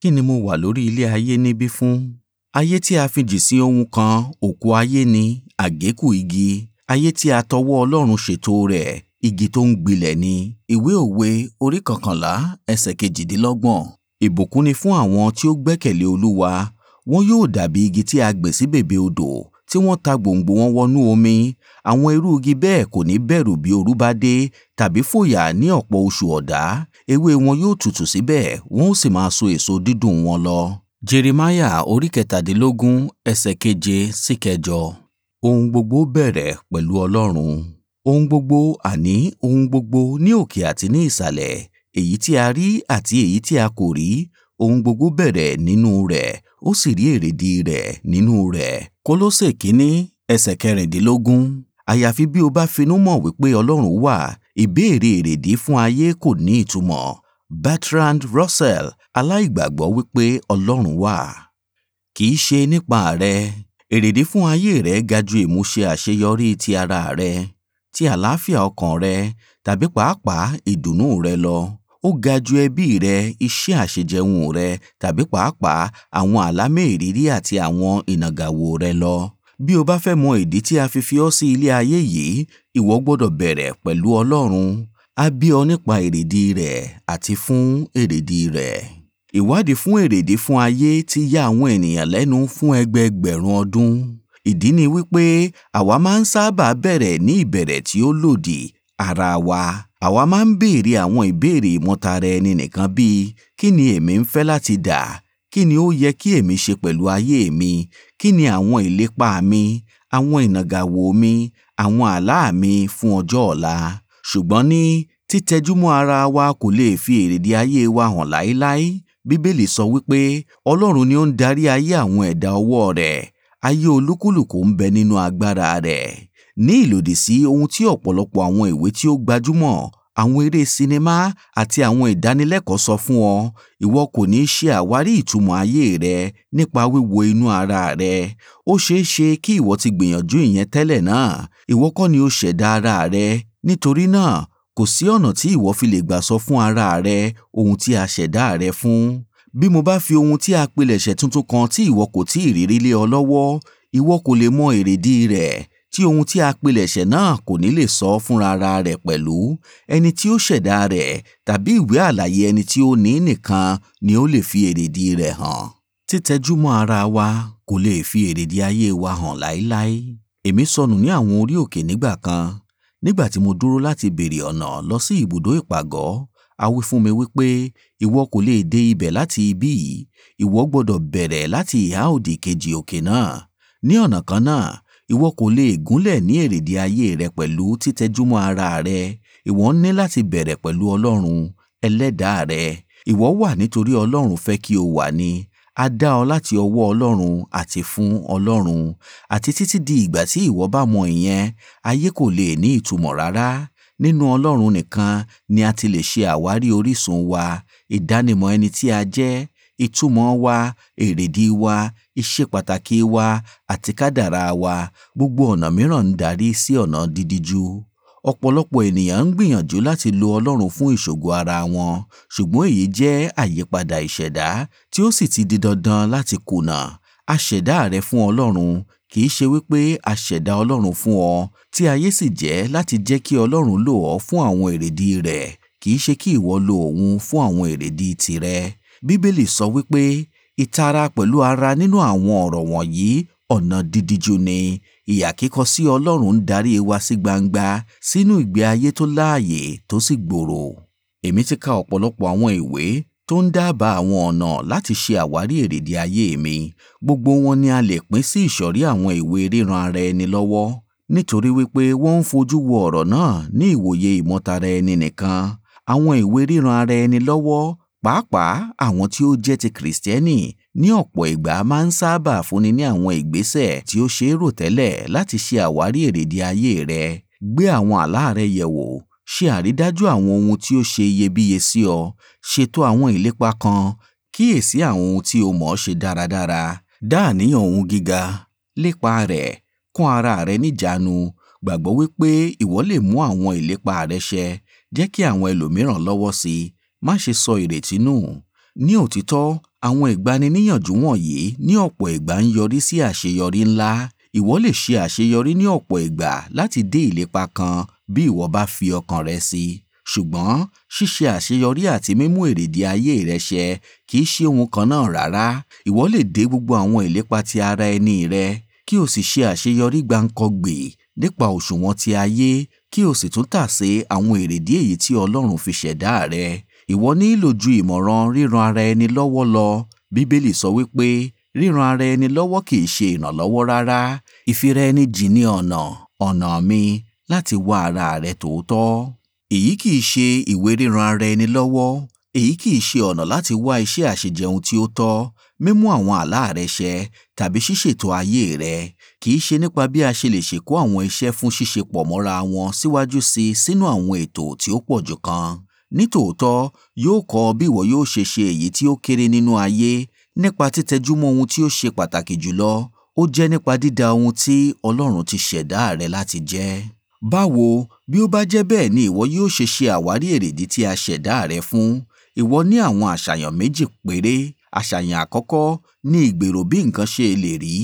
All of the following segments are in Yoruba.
Kí ni mo wà lórí ilẹ̀ ayé níbí fún? Ayé tí a fi jì sí ohun kan, òkú ayé ni, àgékù igi. Ayé tí a tọwọ́ Ọlọ́run ṣètò rẹ̀, igi tó ń gbilẹ̀ ni. Ìwé òwe orí kọkànlá ẹsẹ̀ kejìdínlọ́gbọ̀n. Ìbùkún ni fún àwọn tí ó gbẹ́kẹ̀lé Olúwa, wọn yóò dàbí igi tí a gbìn sí bèbè odò tí wọ́n ta gbòǹgbò wọn wọnú omi àwọn irú igi bẹ́ẹ̀ kò ní bẹ̀rù bí òru bá dé tàbí fòyà ní ọ̀pọ̀ oṣù ọ̀dá ewé wọn yóò tutù síbẹ̀ wọn sì máa so èso dídùn wọn lọ. Jeremiah orí kẹtàdínlógún ẹsẹ̀ keje sí kẹjọ. Ohun gbogbo bẹ̀rẹ̀ pẹ̀lú Ọlọ́run. Ohun gbogbo àní ohun gbogbo ní òkè àti ní ìsàlẹ̀ èyí tí a rí àti èyí tí a kò rí ohun gbogbo bẹ̀rẹ̀ nínú rẹ̀ ó sì rí èrèdí rẹ̀ nínú rẹ̀. Kólósè kínní ẹsẹ̀ kẹrìndínlógún. Àyàfi bí o bá finú mọ̀ wípé Ọlọ́run wà, ìbéèrè èrèdí fún ayé kò ní ìtumọ̀. Bertrand Russell aláìgbàgbọ́ wípé Ọlọ́run wà. Kì í ṣe nípa rẹ. Èrèdí fún ayé rẹ ga ju ìmúṣe àṣeyọrí ti ara rẹ, ti àlàáfíà ọkàn rẹ, tàbí pàápàá ìdùnnú rẹ lọ ó ga ju ẹbí rẹ iṣẹ́ àṣejẹun rẹ tàbí pàápàá àwọn àlámẹ́ ìrírí àti àwọn ìnàgàwò rẹ lọ. bí o bá fẹ́ mọ ìdí tí a fi fi ọ́ sí ilé ayé yìí ìwọ gbọ́dọ̀ bẹ̀rẹ̀ pẹ̀lú ọlọ́run á bí ọ nípa èrèdí rẹ̀ àti fún èrèdí rẹ̀. ìwádìí fún èrèdí fún ayé ti ya àwọn ènìyàn lẹ́nu fún ẹgbẹẹgbẹ̀rún ọdún. ìdí ni wípé àwa máa ń sábà bẹ̀rẹ̀ ní ìbẹ̀rẹ̀ tí ó lòdì ara wa àwa máa ń béèrè àwọn ìbéèrè ìmọ̀tara ẹni nìkan bíi kí ni èmi ń fẹ́ láti dà kí ni ó yẹ kí èmi ṣe pẹ̀lú ayé mi kí ni àwọn ìlépa mi àwọn ìnàgàwò mi àwọn àlá mi fún ọjọ́ ọ̀la ṣùgbọ́n ní títẹjúmọ́ ara wa kò lè fi èrèdí ayé wa hàn láéláé bíbélì sọ wípé ọlọ́run ni ó ń darí ayé àwọn ẹ̀dá ọwọ́ rẹ̀ ayé olúkúlùkù ń bẹ nínú agbára rẹ̀ ní ìlòdì sí ohun tí ọ̀pọ̀lọpọ̀ àwọn ìwé tí ó gbajúmọ̀ àwọn eré sinimá àti àwọn ìdánilẹ́kọ̀ọ́ sọ fún ọ, ìwọ kò ní ṣe àwárí ìtumọ̀ ayé rẹ nípa wíwo inú ara rẹ. Ó ṣeé ṣe kí ìwọ ti gbìyànjú ìyẹn tẹ́lẹ̀ náà. Ìwọ kọ́ ni o ṣẹ̀dá ara rẹ. Nítorí náà, kò sí ọ̀nà tí ìwọ fi lè gbà sọ fún ara rẹ ohun tí a ṣẹ̀dá rẹ fún. Bí mo bá fi ohun tí a pilẹ̀ṣẹ̀ tuntun kan tí ìwọ kò tíì rí rí lé ọ lọ́wọ́, ìwọ kò lè mọ èrèdí rẹ̀ tí ohun tí a pilẹ̀ṣẹ̀ náà kò ní lè sọ fúnra ara rẹ̀ pẹ̀lú ẹni tí ó ṣẹ̀dá rẹ̀ tàbí ìwé àlàyé ẹni tí ó ní nìkan ni ó lè fi èrèdí rẹ̀ hàn. títẹjúmọ́ ara wa kò lè fi èrèdí ayé wa hàn láéláé. èmi sọnù ní àwọn orí òkè nígbà kan nígbà tí mo dúró láti béèrè ọ̀nà lọ sí ibùdó ìpàgọ́ a wí fún mi wípé ìwọ kò lè dé ibẹ̀ láti ibí yìí ìwọ gbọ́dọ̀ bẹ̀rẹ̀ láti ìhà òdì kejì òkè náà ní ọ̀nà kan náà Ìwọ kò lè gúnlẹ̀ ní èrèdí ayé rẹ pẹ̀lú títẹjúmọ́ ara rẹ. Ìwọ ní láti bẹ̀rẹ̀ pẹ̀lú Ọlọ́run ẹlẹ́dàá rẹ. Ìwọ wà nítorí Ọlọ́run fẹ́ kí o wà ni. A dá ọ láti ọwọ́ Ọlọ́run àti fún Ọlọ́run. Àti títí di ìgbà tí ìwọ bá mọ ìyẹn, ayé kò lè ní ìtumọ̀ rárá. Nínú Ọlọ́run nìkan ni a ti lè ṣe àwárí orísun wa, ìdánimọ̀ ẹni tí a jẹ́ ìtumọ̀ wa èrèdí wa iṣẹ́ pàtàkì wa àti kádàrá wa gbogbo ọ̀nà mìíràn ń darí sí ọ̀nà dídíjú. ọ̀pọ̀lọpọ̀ ènìyàn ń gbìyànjú láti lo Ọlọ́run fún ìṣògo ara wọn ṣùgbọ́n èyí jẹ́ àyípadà ìṣẹ̀dá tí ó sì ti di dandan láti kùnà a ṣẹ̀dá rẹ fún Ọlọ́run kì í ṣe wípé a Ọlọ́run fún ọ tí ayé sì jẹ́ láti jẹ́ kí Ọlọ́run lò ọ́ fún àwọn èrèdí rẹ̀ kì í ṣe kí ìwọ lo òun fún àwọn èrèdí tirẹ̀ Bíbélì sọ wípé ìtara pẹ̀lú ara nínú àwọn ọ̀rọ̀ wọ̀nyí ọ̀nà dídíjú ni. Ìyà kíkọ sí Ọlọ́run ń darí e wa sí gbangba sínú ìgbé ayé tó láàyè tó sì gbòòrò. Èmi ti ka ọ̀pọ̀lọpọ̀ àwọn ìwé tó ń dábàá àwọn ọ̀nà láti ṣe àwárí èrèdí ayé mi. Gbogbo wọn ni a lè pín sí ìsọ̀rí àwọn ìwé ríran ara ẹni lọ́wọ́ nítorí wípé wọ́n ń fojú wo ọ̀rọ̀ náà ní ìwòye ìmọ̀tara ẹni nìkan. Àwọn ìwé ríran ara ẹni lọ́wọ́ pàápàá àwọn tí ó jẹ́ ti kìrìsìtẹ́nì ní ọ̀pọ̀ ìgbà máa ń sábà fúnni ní àwọn ìgbésẹ̀ tí ó ṣeé rò tẹ́lẹ̀ láti ṣe àwárí èrèdí ayé rẹ gbé àwọn àlá rẹ yẹ̀wò ṣe àrídájú àwọn ohun tí ó ṣe iyebíye sí ọ ṣètò àwọn ìlépa kan kíyèsí àwọn ohun tí o mọ̀ ṣe dáradára dá ohun gíga lépa rẹ̀ kún ara rẹ níjàánu gbàgbọ́ wípé ìwọ lè mú àwọn ìlépa rẹ ṣẹ jẹ́ kí àwọn ẹlòmíràn lọ́wọ́ sí i má ṣe sọ ìrètí nù. Ní òtítọ́, àwọn ìgbaniníyànjú wọ̀nyí ní ọ̀pọ̀ ìgbà ń yọrí sí àṣeyọrí ńlá. Ìwọ lè ṣe àṣeyọrí ní ọ̀pọ̀ ìgbà láti dé ìlépa kan bí ìwọ bá fi ọkàn rẹ sí Ṣùgbọ́n ṣíṣe àṣeyọrí àti mímú èrèdí ayé rẹ ṣẹ kì í ṣe ohun kan náà rárá. Ìwọ lè dé gbogbo àwọn ìlépa ti ara ẹni rẹ kí o sì ṣe àṣeyọrí gbàǹkọgbè nípa òṣùwọ̀n ti ayé kí o sì tún tàsé àwọn èrèdí èyí tí Ọlọ́run fi ṣẹ̀dá rẹ. Ìwọ nílò ju ìmọ̀ràn ríran ara ẹni lọ́wọ́ lọ. Bíbélì sọ wípé ríran ara ẹni lọ́wọ́ kì í ṣe ìrànlọ́wọ́ rárá. Ìfira ẹni jìn ní ọ̀nà, ọ̀nà mi láti wá ara rẹ tòótọ́. Èyí kì í ṣe ìwé ríran ara ẹni lọ́wọ́. Èyí kì í ṣe ọ̀nà láti wá iṣẹ́ àṣejẹun tí ó tọ́, mímú àwọn àlá rẹ ṣẹ tàbí ṣíṣètò ayé rẹ. Kì í ṣe nípa bí a ṣe lè ṣèkó àwọn iṣẹ́ fún ṣíṣe pọ̀ mọ́ra wọn síwájú sí sínú àwọn ètò tí ó pọ̀jù kan. Nítòótọ́, yóò kọ́ ọ bí ìwọ yóò ṣe ṣe èyí tí ó kéré nínú ayé nípa títẹjúmọ́ ohun tí ó ṣe pàtàkì jùlọ, ó jẹ́ nípa dída ohun tí Ọlọ́run ti ṣẹ̀dá rẹ láti jẹ́. Báwo, bí ó bá jẹ́ bẹ́ẹ̀ ni ìwọ yóò ṣe ṣe àwárí èrèdí tí a ṣẹ̀dá rẹ fún. Ìwọ ní àwọn àṣàyàn méjì péré. Àṣàyàn àkọ́kọ́ ni ìgbèrò bí nǹkan ṣe lè rí.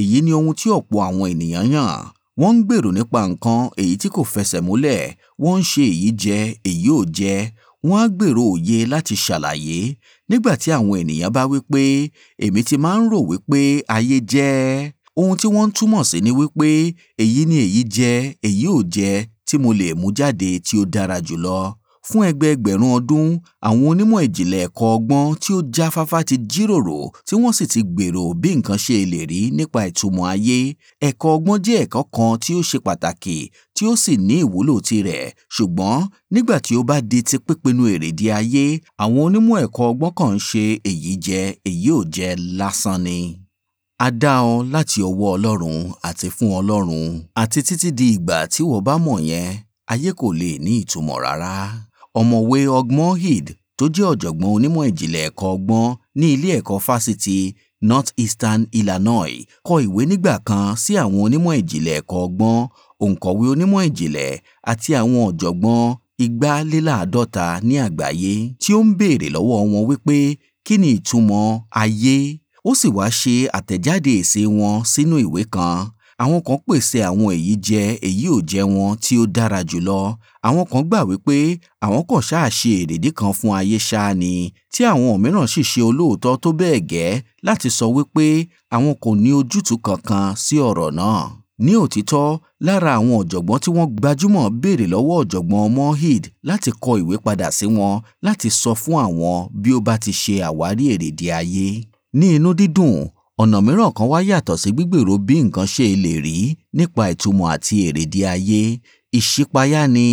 Èyí ni ohun tí ọ̀pọ̀ àwọn ènìyàn yàn wọ́n ń gbèrò nípa nǹkan èyí tí kò fẹsẹ̀ múlẹ̀ wọ́n ń ṣe èyí jẹ èyí ò jẹ wọ́n á gbèrò òye láti ṣàlàyé nígbà tí àwọn ènìyàn bá wí pé èmi ti máa ń rò wípé ayé jẹ́ ohun tí wọ́n ń túmọ̀ sí ni wípé èyí ni èyí jẹ èyí ò jẹ tí mo lè mú jáde tí ó dára jùlọ Fún ẹgbẹẹgbẹ̀rún ọdún, àwọn onímọ̀ ìjìnlẹ̀ ẹ̀kọ́ ọgbọ́n tí ó jáfáfá ti jíròrò tí wọ́n sì ti gbèrò bí nǹkan ṣe lè rí nípa ìtumọ̀ ayé. Ẹ̀kọ́ ọgbọ́n jẹ́ ẹ̀kọ́ kan tí ó ṣe pàtàkì tí ó sì ní ìwúlò tirẹ̀. Ṣùgbọ́n nígbà tí ó bá di ti pípinnu èrèdí ayé, àwọn onímọ̀ ẹ̀kọ́ ọgbọ́n kàn ń ṣe èyí jẹ èyí ò jẹ lásán ni. A dá ọ láti ọwọ́ Ọlọ́run àti fún Ọlọ́run, àti títí di ìgbà tí ìwọ bá mọ̀ yẹn, ayé kò lè ní ìtumọ̀ rárá ọ̀mọ̀wé ọgbọ́n hid tó jẹ́ ọ̀jọ̀gbọ́n onímọ̀ ìjìnlẹ̀ ẹ̀kọ́ ọgbọ́n ní ilé ẹ̀kọ́ fásitì northeastern illinois kọ ìwé nígbà kan sí àwọn onímọ̀ ìjìnlẹ̀ ẹ̀kọ́ ọgbọ́n òǹkọ̀wé onímọ̀ ìjìnlẹ̀ àti àwọn ọ̀jọ̀gbọ́n igbaléláàádọ́ta ní àgbáyé tí ó ń béèrè lọ́wọ́ wọn wípé kí ni ìtumọ̀ ayé ó sì wá ṣe àtẹ̀jáde èsì wọn sínú ìwé kan Àwọn kan pèsè àwọn èyí jẹ èyí ò jẹ wọn tí ó dára jùlọ. Àwọn kan gbà wípé àwọn kàn sá ṣe èrèdí kan fún ayé ṣáá ni, tí àwọn mìíràn sì ṣe olóòótọ́ tó bẹ́ẹ̀ gẹ́ láti sọ wípé àwọn kò ní ojútùú kankan sí ọ̀rọ̀ náà. Ní òtítọ́, lára àwọn ọ̀jọ̀gbọ́n tí wọ́n gbajúmọ̀ béèrè lọ́wọ́ ọ̀jọ̀gbọ́n Mohied láti kọ ìwé padà sí wọn láti sọ fún àwọn bí ó bá ti ṣe àwárí èrèdí ayé. Ní inú dídùn, ọ̀nà mìíràn kan wá yàtọ̀ sí gbígbèrò bí nǹkan ṣe lè rí nípa ìtumọ̀ àti èrèdí ayé ìṣípayá ni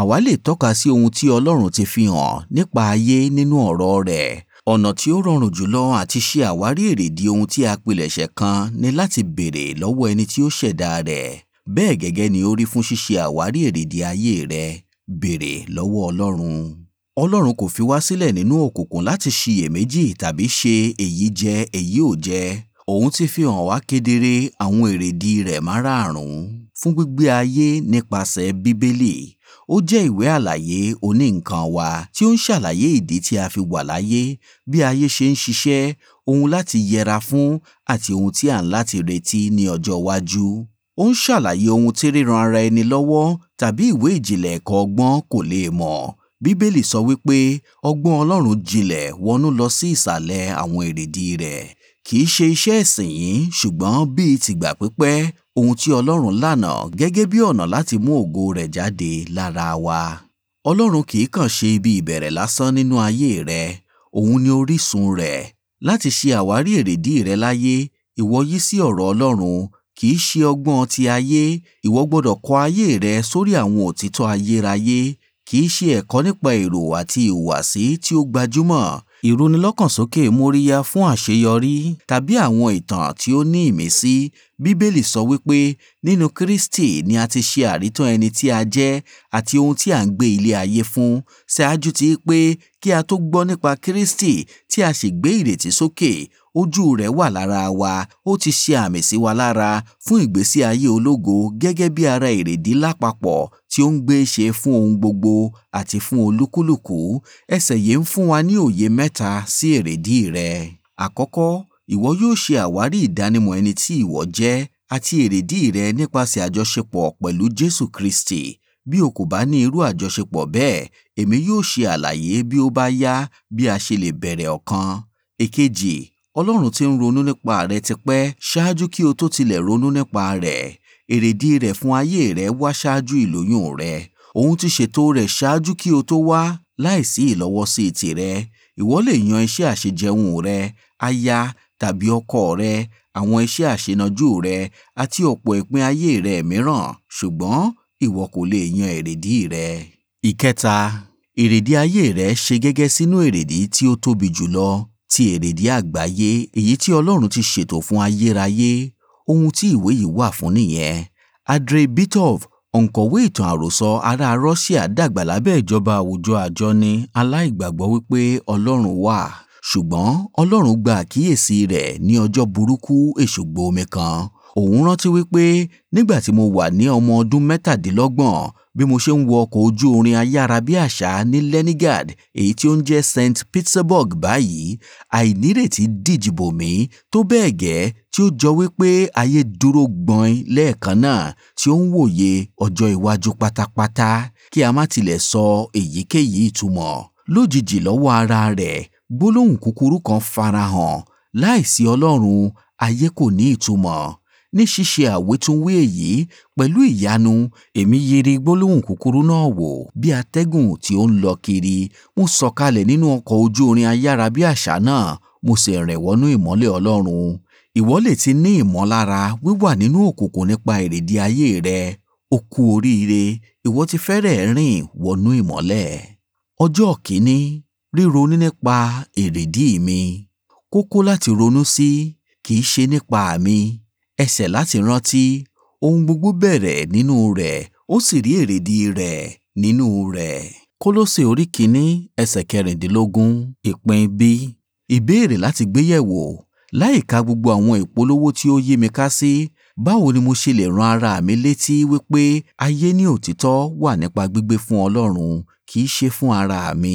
àwa lè tọ́ka sí ohun tí Ọlọ́run ti fi hàn nípa ayé nínú ọ̀rọ̀ rẹ̀ ọ̀nà tí ó rọrùn jùlọ àti ṣe àwárí èrèdí ohun tí a pilẹ̀ṣẹ̀ kan ni láti béèrè lọ́wọ́ ẹni tí ó ṣẹ̀dá rẹ̀ bẹ́ẹ̀ gẹ́gẹ́ ni ó rí fún ṣíṣe àwárí èrèdí ayé rẹ̀ béèrè lọ́wọ́ Ọlọ́run. Ọlọ́run kò fi wá sílẹ̀ nínú òkùnkùn láti ṣiyèméjì tàbí ṣe èyí jẹ èyí ò jẹ. Òun ti fi hàn wá kedere àwọn èrèdí rẹ̀ márààrún fún gbígbé ayé nípasẹ̀ Bíbélì. Ó jẹ́ ìwé àlàyé oní nǹkan wa tí ó ń ṣàlàyé ìdí tí a fi wà láyé, bí ayé ṣe ń ṣiṣẹ́, ohun láti yẹra fún àti ohun tí à ń láti retí ní ọjọ́ iwájú. Ó ń ṣàlàyé ohun tí ríran ara ẹni lọ́wọ́ tàbí ìwé ìjìnlẹ̀ ẹ̀kọ́ ọgbọ́n kò lè mọ̀. Bíbélì sọ wípé ọgbọ́n Ọlọ́run jinlẹ̀ wọnú lọ sí ìsàlẹ̀ àwọn èrèdí rẹ̀. Kì í ṣe iṣẹ́ ẹ̀sìn yìí ṣùgbọ́n bíi tìgbà pípẹ́ ohun tí Ọlọ́run lànà gẹ́gẹ́ bí ọ̀nà láti mú ògo rẹ̀ jáde lára wa. Ọlọ́run kì í kàn ṣe ibi ìbẹ̀rẹ̀ lásán nínú ayé rẹ. Òun ni orísun rẹ̀. Láti ṣe àwárí èrèdí rẹ láyé, ìwọ yí sí ọ̀rọ̀ Ọlọ́run kì í ṣe ọgbọ́n ti ayé. Ìwọ gbọdọ̀ kọ ayé rẹ sórí àwọn òtítọ́ ayérayé kì í ṣe ẹ̀kọ́ nípa èrò àti ìhùwàsí tí ó gbajúmọ̀. Ìrónilọ́kànsókè móríyá fún àṣeyọrí tàbí àwọn ìtàn tí ó ní ìmísí. Bíbélì sọ wípé nínú Kristi ni a ti ṣe àrítàn ẹni tí a jẹ́ àti ohun tí à ń gbé ilé ayé fún. Ṣáájú ti pé kí a tó gbọ́ nípa Kristi tí a sì gbé ìrètí sókè, ojú rẹ̀ wà lára wa ó ti ṣe àmì sí wa lára fún ìgbésí ayé ológo gẹ́gẹ́ bí ara èrèdí lápapọ̀ tí ó ń gbé ṣe fún ohun gbogbo àti fún olúkúlùkù ẹsẹ̀ yìí ń fún wa ní òye mẹ́ta sí èrèdí rẹ̀ àkọ́kọ́ ìwọ yóò ṣe àwárí ìdánimọ̀ ẹni tí ìwọ jẹ́ àti èrèdí rẹ nípasẹ̀ àjọṣepọ̀ pẹ̀lú Jésù Kristi bí o kò bá ní irú àjọṣepọ̀ bẹ́ẹ̀ èmi yóò ṣe àlàyé bí ó bá yá bí a ṣe lè bẹ̀rẹ̀ ọ̀kan èkejì Ọlọ́run ti ń ronú nípa rẹ tipẹ́ ṣáájú kí o tó tilẹ̀ ronú nípa rẹ̀. Èrèdí rẹ̀ fún ayé rẹ wá ṣáájú ìlóyún rẹ. Òun ti ṣètò rẹ̀ ṣáájú kí o tó wá láìsí ìlọ́wọ́sí tìrẹ. Ìwọ lè yan iṣẹ́ àṣejẹun rẹ, aya tàbí ọkọ rẹ, àwọn iṣẹ́ àṣenájú rẹ àti ọ̀pọ̀ ìpín ayé rẹ mìíràn, ṣùgbọ́n ìwọ kò lè yan èrèdí rẹ. Ìkẹta, èrèdí ayé rẹ ṣe gẹ́gẹ́ sínú èrèdí tí ó tóbi jùlọ ti èrèdí àgbáyé èyí tí Ọlọ́run ti ṣètò fún ayérayé ohun tí ìwé yìí wà fún nìyẹn Andrei Bitov òǹkọ̀wé ìtàn àròsọ ará Russia dàgbà lábẹ́ ìjọba àwùjọ àjọni aláìgbàgbọ́ wípé Ọlọ́run wà ṣùgbọ́n Ọlọ́run gba àkíyèsí rẹ̀ ní ọjọ́ burúkú èṣùgbò omi kan òun rántí wípé nígbà tí mo wà ní ọmọ ọdún mẹ́tàdínlọ́gbọ̀n bí mo ṣe ń wọ ọkọ̀ ojú irin ayárabíàṣá ní Leningrad èyí tí ó ń jẹ́ St. Petersburg báyìí àìnírètí dìjìbò mi tó bẹ́ẹ̀ gẹ́ tí ó jọ wípé ayé dúró gbọ́n lẹ́ẹ̀kan náà tí ó ń wòye ọjọ́ iwájú pátápátá kí a má tilẹ̀ sọ èyíkéyìí ìtumọ̀ lójijì lọ́wọ́ ara rẹ̀ gbólóhùn kúkúrú kan farahàn láìsí Ọlọ́run ayé kò ní ìtumọ̀ ní ṣíṣe àwítúnwí èyí pẹ̀lú ìyanu èmi yiri gbólóhùn kúkúrú náà wò bí atẹ́gùn tí ó ń lọ kiri mo sọ̀kalẹ̀ nínú ọkọ̀ ojú irin ayára bí àṣá náà mo sì rìn wọnú ìmọ́lẹ̀ ọlọ́run ìwọ lè ti ní ìmọ̀lára wíwà nínú òkùnkùn nípa èrèdí ayé rẹ ó kú oríire ìwọ ti fẹ́rẹ̀ rìn wọnú ìmọ́lẹ̀ ọjọ́ kìíní ríronú nípa èrèdí mi kókó láti ronú sí kìí ṣe nípa mi ẹsẹ̀ láti rántí ohun gbogbo bẹ̀rẹ̀ nínú rẹ̀ ó sì rí èrèdí rẹ̀ nínú rẹ̀. Kólósè orí kìíní ẹsẹ̀ kẹrìndínlógún ìpín bí ìbéèrè láti gbéyẹ̀wò láìka gbogbo àwọn ìpolówó tí ó yí mi ká sí báwo ni mo ṣe lè ran ara mi létí wípé ayé ní òtítọ́ wà nípa gbígbé fún Ọlọ́run kì í ṣe fún ara mi.